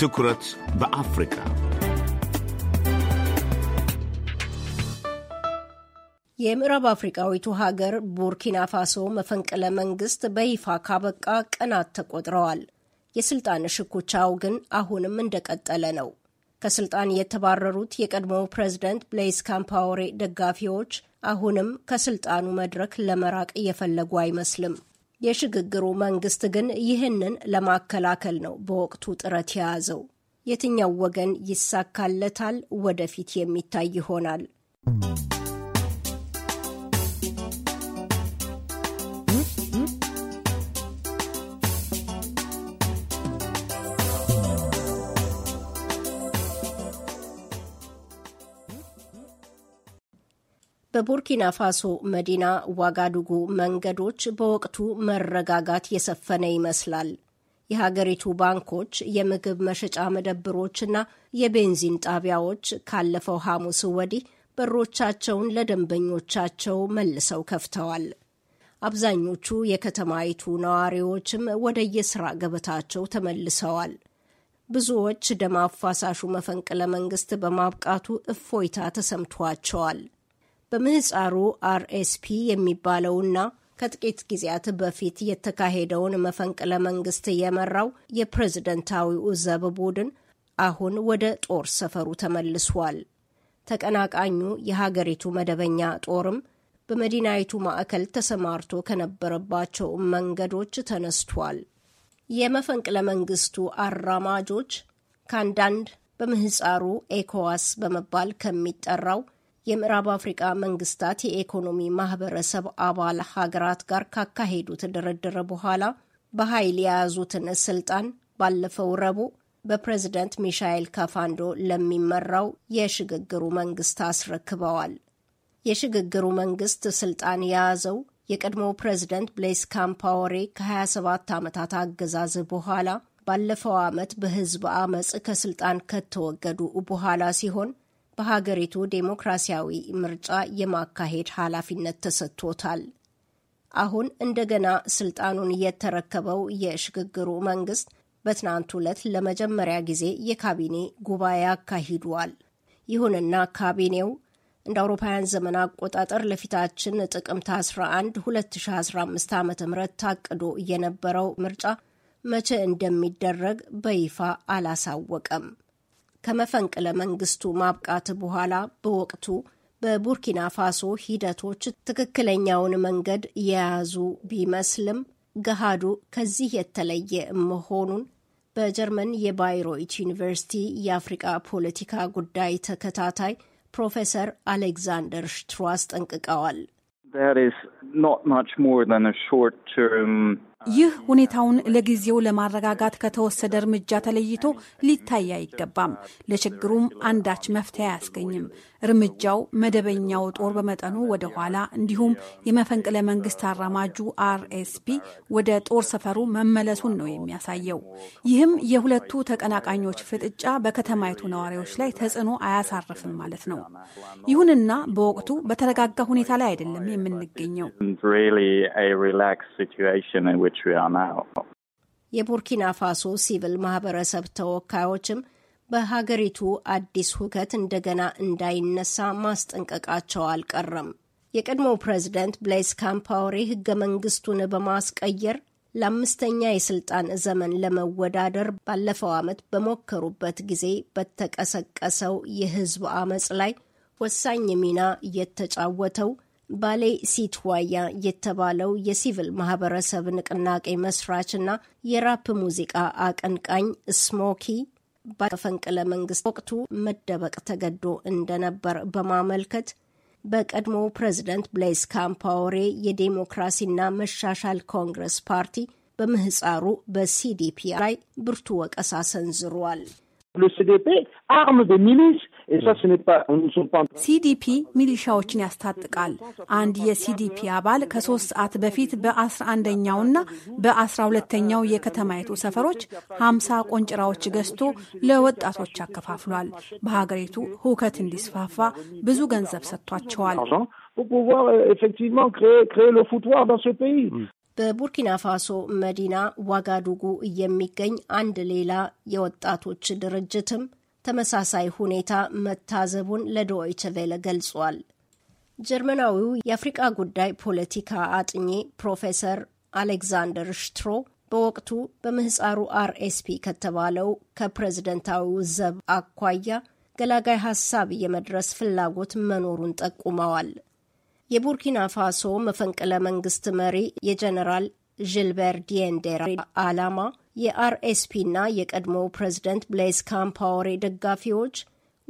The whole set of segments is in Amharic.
ትኩረት በአፍሪካ የምዕራብ አፍሪካዊቱ ሀገር ቡርኪና ፋሶ መፈንቅለ መንግስት በይፋ ካበቃ ቀናት ተቆጥረዋል። የስልጣን ሽኩቻው ግን አሁንም እንደቀጠለ ነው። ከስልጣን የተባረሩት የቀድሞው ፕሬዝደንት ብሌይስ ካምፓወሬ ደጋፊዎች አሁንም ከስልጣኑ መድረክ ለመራቅ እየፈለጉ አይመስልም። የሽግግሩ መንግስት ግን ይህንን ለማከላከል ነው በወቅቱ ጥረት የያዘው። የትኛው ወገን ይሳካለታል ወደፊት የሚታይ ይሆናል። በቡርኪና ፋሶ መዲና ዋጋዱጉ መንገዶች በወቅቱ መረጋጋት የሰፈነ ይመስላል። የሀገሪቱ ባንኮች፣ የምግብ መሸጫ መደብሮችና የቤንዚን ጣቢያዎች ካለፈው ሐሙስ ወዲህ በሮቻቸውን ለደንበኞቻቸው መልሰው ከፍተዋል። አብዛኞቹ የከተማይቱ ነዋሪዎችም ወደየስራ ገበታቸው ተመልሰዋል። ብዙዎች ደም አፋሳሹ መፈንቅለ መንግስት በማብቃቱ እፎይታ ተሰምቷቸዋል። በምህፃሩ አርኤስፒ የሚባለውና ከጥቂት ጊዜያት በፊት የተካሄደውን መፈንቅለ መንግስት የመራው የፕሬዝደንታዊው ዘብ ቡድን አሁን ወደ ጦር ሰፈሩ ተመልሷል። ተቀናቃኙ የሀገሪቱ መደበኛ ጦርም በመዲናይቱ ማዕከል ተሰማርቶ ከነበረባቸው መንገዶች ተነስቷል። የመፈንቅለ መንግስቱ አራማጆች ከአንዳንድ በምህፃሩ ኤኮዋስ በመባል ከሚጠራው የምዕራብ አፍሪቃ መንግስታት የኢኮኖሚ ማህበረሰብ አባል ሀገራት ጋር ካካሄዱ ተደረደረ በኋላ በኃይል የያዙትን ስልጣን ባለፈው ረቡዕ በፕሬዝደንት ሚሻኤል ካፋንዶ ለሚመራው የሽግግሩ መንግስት አስረክበዋል። የሽግግሩ መንግስት ስልጣን የያዘው የቀድሞው ፕሬዝደንት ብሌስ ካምፓወሬ ከ27 ዓመታት አገዛዝ በኋላ ባለፈው ዓመት በህዝብ አመፅ ከስልጣን ከተወገዱ በኋላ ሲሆን በሀገሪቱ ዴሞክራሲያዊ ምርጫ የማካሄድ ኃላፊነት ተሰጥቶታል። አሁን እንደገና ስልጣኑን የተረከበው የሽግግሩ መንግስት በትናንት ዕለት ለመጀመሪያ ጊዜ የካቢኔ ጉባኤ አካሂዷል። ይሁንና ካቢኔው እንደ አውሮፓውያን ዘመን አቆጣጠር ለፊታችን ጥቅምት 11 2015 ዓ ም ታቅዶ የነበረው ምርጫ መቼ እንደሚደረግ በይፋ አላሳወቀም። ከመፈንቅለ መንግስቱ ማብቃት በኋላ በወቅቱ በቡርኪና ፋሶ ሂደቶች ትክክለኛውን መንገድ የያዙ ቢመስልም ገሃዱ ከዚህ የተለየ መሆኑን በጀርመን የባይሮይት ዩኒቨርሲቲ የአፍሪቃ ፖለቲካ ጉዳይ ተከታታይ ፕሮፌሰር አሌግዛንደር ሽትሮ አስጠንቅቀዋል። ይህ ሁኔታውን ለጊዜው ለማረጋጋት ከተወሰደ እርምጃ ተለይቶ ሊታይ አይገባም። ለችግሩም አንዳች መፍትሄ አያስገኝም። እርምጃው መደበኛው ጦር በመጠኑ ወደ ኋላ እንዲሁም የመፈንቅለ መንግስት አራማጁ አርኤስፒ ወደ ጦር ሰፈሩ መመለሱን ነው የሚያሳየው። ይህም የሁለቱ ተቀናቃኞች ፍጥጫ በከተማይቱ ነዋሪዎች ላይ ተጽዕኖ አያሳርፍም ማለት ነው። ይሁንና በወቅቱ በተረጋጋ ሁኔታ ላይ አይደለም የምንገኘው። የቡርኪና ፋሶ ሲቪል ማህበረሰብ ተወካዮችም በሀገሪቱ አዲስ ሁከት እንደገና እንዳይነሳ ማስጠንቀቃቸው አልቀረም። የቀድሞው ፕሬዝደንት ብሌስ ካምፓወሬ ህገ መንግስቱን በማስቀየር ለአምስተኛ የስልጣን ዘመን ለመወዳደር ባለፈው ዓመት በሞከሩበት ጊዜ በተቀሰቀሰው የህዝብ አመፅ ላይ ወሳኝ ሚና የተጫወተው ባሌ ሲትዋያ የተባለው የሲቪል ማህበረሰብ ንቅናቄ መስራችና የራፕ ሙዚቃ አቀንቃኝ ስሞኪ በፈንቅለ መንግስት ወቅቱ መደበቅ ተገዶ እንደነበር በማመልከት በቀድሞ ፕሬዚደንት ብሌስ ካምፓወሬ የዴሞክራሲና መሻሻል ኮንግረስ ፓርቲ በምህፃሩ በሲዲፒ ላይ ብርቱ ወቀሳ ሰንዝሯል። ሲዲፒ ሚሊሻዎችን ያስታጥቃል። አንድ የሲዲፒ አባል ከሶስት ሰዓት በፊት በአስራ አንደኛውና በአስራ ሁለተኛው የከተማይቱ ሰፈሮች ሀምሳ ቆንጭራዎች ገዝቶ ለወጣቶች አከፋፍሏል። በሀገሪቱ ሁከት እንዲስፋፋ ብዙ ገንዘብ ሰጥቷቸዋል። euh, mm. በቡርኪና ፋሶ መዲና ዋጋዱጉ የሚገኝ አንድ ሌላ የወጣቶች ድርጅትም ተመሳሳይ ሁኔታ መታዘቡን ለዶይቸ ቬለ ገልጿል። ጀርመናዊው የአፍሪቃ ጉዳይ ፖለቲካ አጥኚ ፕሮፌሰር አሌክዛንደር ሽትሮ በወቅቱ በምህፃሩ አርኤስፒ ከተባለው ከፕሬዝደንታዊው ዘብ አኳያ ገላጋይ ሀሳብ የመድረስ ፍላጎት መኖሩን ጠቁመዋል። የቡርኪና ፋሶ መፈንቅለ መንግስት መሪ የጀነራል ዥልበር ዲንዴራ ዓላማ የአርኤስፒና የቀድሞው ፕሬዝደንት ብሌዝ ካምፓወሬ ደጋፊዎች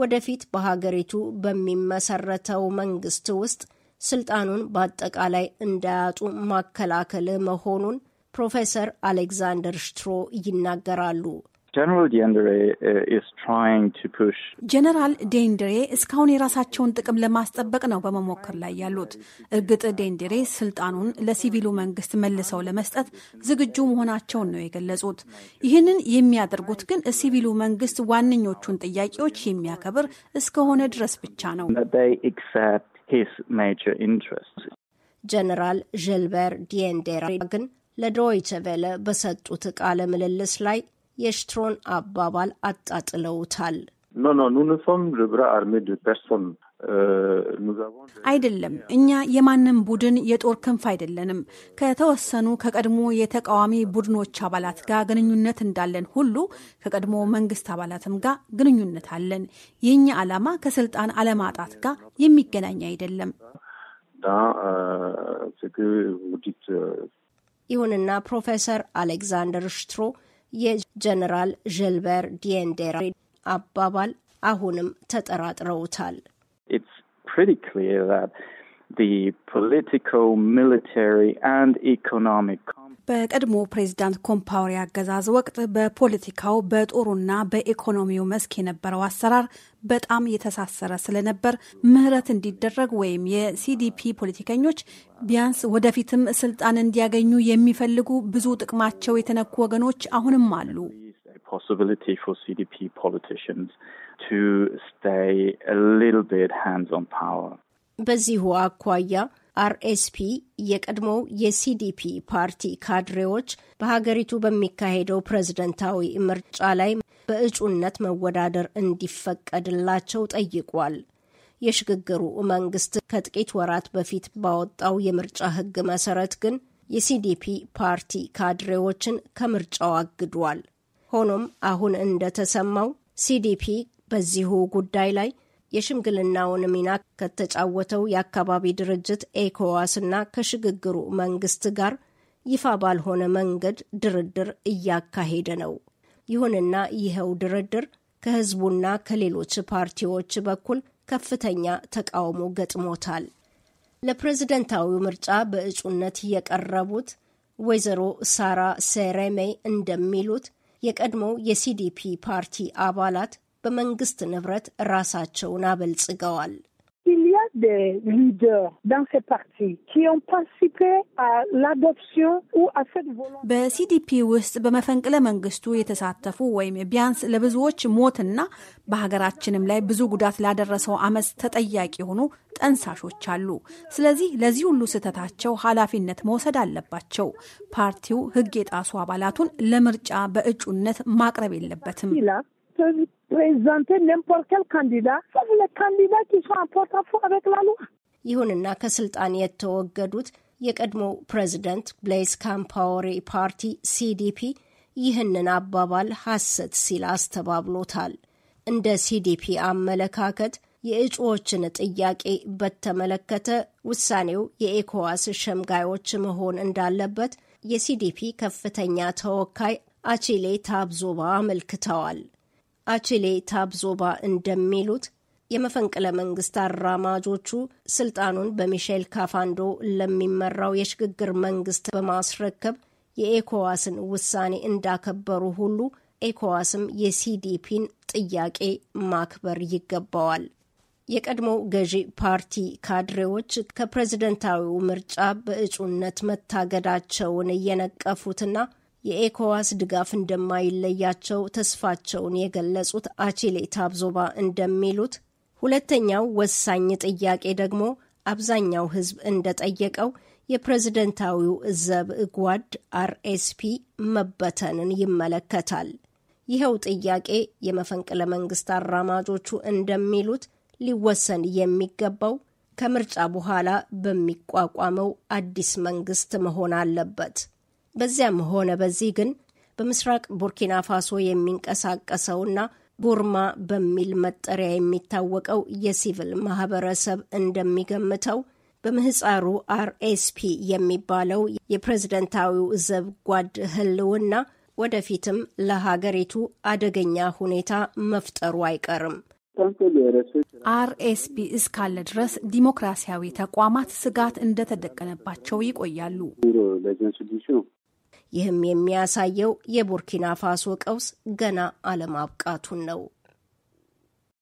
ወደፊት በሀገሪቱ በሚመሰረተው መንግስት ውስጥ ስልጣኑን በአጠቃላይ እንዳያጡ ማከላከል መሆኑን ፕሮፌሰር አሌክዛንደር ሽትሮ ይናገራሉ። ጀነራል ዴንድሬ uh, እስካሁን የራሳቸውን ጥቅም ለማስጠበቅ ነው በመሞከር ላይ ያሉት። እርግጥ ዴንድሬ ስልጣኑን ለሲቪሉ መንግስት መልሰው ለመስጠት ዝግጁ መሆናቸውን ነው የገለጹት። ይህንን የሚያደርጉት ግን ሲቪሉ መንግስት ዋነኞቹን ጥያቄዎች የሚያከብር እስከሆነ ድረስ ብቻ ነው። ጀነራል ዥልበር ዲንዴራ ግን ለዶይቸ ቬለ በሰጡት ቃለ ምልልስ ላይ የሽትሮን አባባል አጣጥለውታል። አይደለም እኛ የማንም ቡድን የጦር ክንፍ አይደለንም። ከተወሰኑ ከቀድሞ የተቃዋሚ ቡድኖች አባላት ጋር ግንኙነት እንዳለን ሁሉ ከቀድሞ መንግስት አባላትም ጋር ግንኙነት አለን። የእኛ ዓላማ ከስልጣን አለማጣት ጋር የሚገናኝ አይደለም። ይሁንና ፕሮፌሰር አሌክዛንደር ሽትሮ It's pretty clear that The political, military, and economic በቀድሞ ፕሬዚዳንት ኮምፓውሪ አገዛዝ ወቅት በፖለቲካው በጦሩና በኢኮኖሚው መስክ የነበረው አሰራር በጣም የተሳሰረ ስለነበር ምህረት እንዲደረግ ወይም የሲዲፒ ፖለቲከኞች ቢያንስ ወደፊትም ስልጣን እንዲያገኙ የሚፈልጉ ብዙ ጥቅማቸው የተነኩ ወገኖች አሁንም አሉ። በዚሁ አኳያ አርኤስፒ የቀድሞው የሲዲፒ ፓርቲ ካድሬዎች በሀገሪቱ በሚካሄደው ፕሬዝደንታዊ ምርጫ ላይ በእጩነት መወዳደር እንዲፈቀድላቸው ጠይቋል። የሽግግሩ መንግስት ከጥቂት ወራት በፊት ባወጣው የምርጫ ህግ መሰረት ግን የሲዲፒ ፓርቲ ካድሬዎችን ከምርጫው አግዷል። ሆኖም አሁን እንደተሰማው ሲዲፒ በዚሁ ጉዳይ ላይ የሽምግልናውን ሚና ከተጫወተው የአካባቢ ድርጅት ኤኮዋስ ና ከሽግግሩ መንግስት ጋር ይፋ ባልሆነ መንገድ ድርድር እያካሄደ ነው። ይሁንና ይኸው ድርድር ከህዝቡና ከሌሎች ፓርቲዎች በኩል ከፍተኛ ተቃውሞ ገጥሞታል። ለፕሬዝደንታዊው ምርጫ በእጩነት የቀረቡት ወይዘሮ ሳራ ሴሬሜ እንደሚሉት የቀድሞው የሲዲፒ ፓርቲ አባላት በመንግስት ንብረት ራሳቸውን አበልጽገዋል። በሲዲፒ ውስጥ በመፈንቅለ መንግስቱ የተሳተፉ ወይም ቢያንስ ለብዙዎች ሞትና በሀገራችንም ላይ ብዙ ጉዳት ላደረሰው አመፅ ተጠያቂ የሆኑ ጠንሳሾች አሉ። ስለዚህ ለዚህ ሁሉ ስህተታቸው ኃላፊነት መውሰድ አለባቸው። ፓርቲው ህግ የጣሱ አባላቱን ለምርጫ በእጩነት ማቅረብ የለበትም። peuvent présenter n'importe quel candidat, sauf les candidats qui sont en porte-à-faux avec la loi. ይሁንና ከስልጣን የተወገዱት የቀድሞ ፕሬዚደንት ብሌስ ካምፓወሪ ፓርቲ ሲዲፒ ይህንን አባባል ሐሰት ሲል አስተባብሎታል። እንደ ሲዲፒ አመለካከት የእጩዎችን ጥያቄ በተመለከተ ውሳኔው የኤኮዋስ ሸምጋዮች መሆን እንዳለበት የሲዲፒ ከፍተኛ ተወካይ አቺሌ ታብዞባ አመልክተዋል። አችሌ ታብዞባ እንደሚሉት የመፈንቅለ መንግስት አራማጆቹ ስልጣኑን በሚሼል ካፋንዶ ለሚመራው የሽግግር መንግስት በማስረከብ የኤኮዋስን ውሳኔ እንዳከበሩ ሁሉ ኤኮዋስም የሲዲፒን ጥያቄ ማክበር ይገባዋል። የቀድሞ ገዢ ፓርቲ ካድሬዎች ከፕሬዝደንታዊው ምርጫ በእጩነት መታገዳቸውን እየነቀፉትና የኤኮዋስ ድጋፍ እንደማይለያቸው ተስፋቸውን የገለጹት አቺሌ ታብዞባ እንደሚሉት ሁለተኛው ወሳኝ ጥያቄ ደግሞ አብዛኛው ሕዝብ እንደጠየቀው የፕሬዝደንታዊው ዘብ ጓድ አርኤስፒ መበተንን ይመለከታል። ይኸው ጥያቄ የመፈንቅለ መንግስት አራማጆቹ እንደሚሉት ሊወሰን የሚገባው ከምርጫ በኋላ በሚቋቋመው አዲስ መንግስት መሆን አለበት። በዚያም ሆነ በዚህ ግን በምስራቅ ቡርኪና ፋሶ የሚንቀሳቀሰውና ቡርማ በሚል መጠሪያ የሚታወቀው የሲቪል ማህበረሰብ እንደሚገምተው በምህፃሩ አርኤስፒ የሚባለው የፕሬዝደንታዊው ዘብ ጓድ ህልውና ወደፊትም ለሀገሪቱ አደገኛ ሁኔታ መፍጠሩ አይቀርም። አርኤስፒ እስካለ ድረስ ዲሞክራሲያዊ ተቋማት ስጋት እንደተደቀነባቸው ይቆያሉ። ይህም የሚያሳየው የቡርኪና ፋሶ ቀውስ ገና አለማብቃቱን ነው።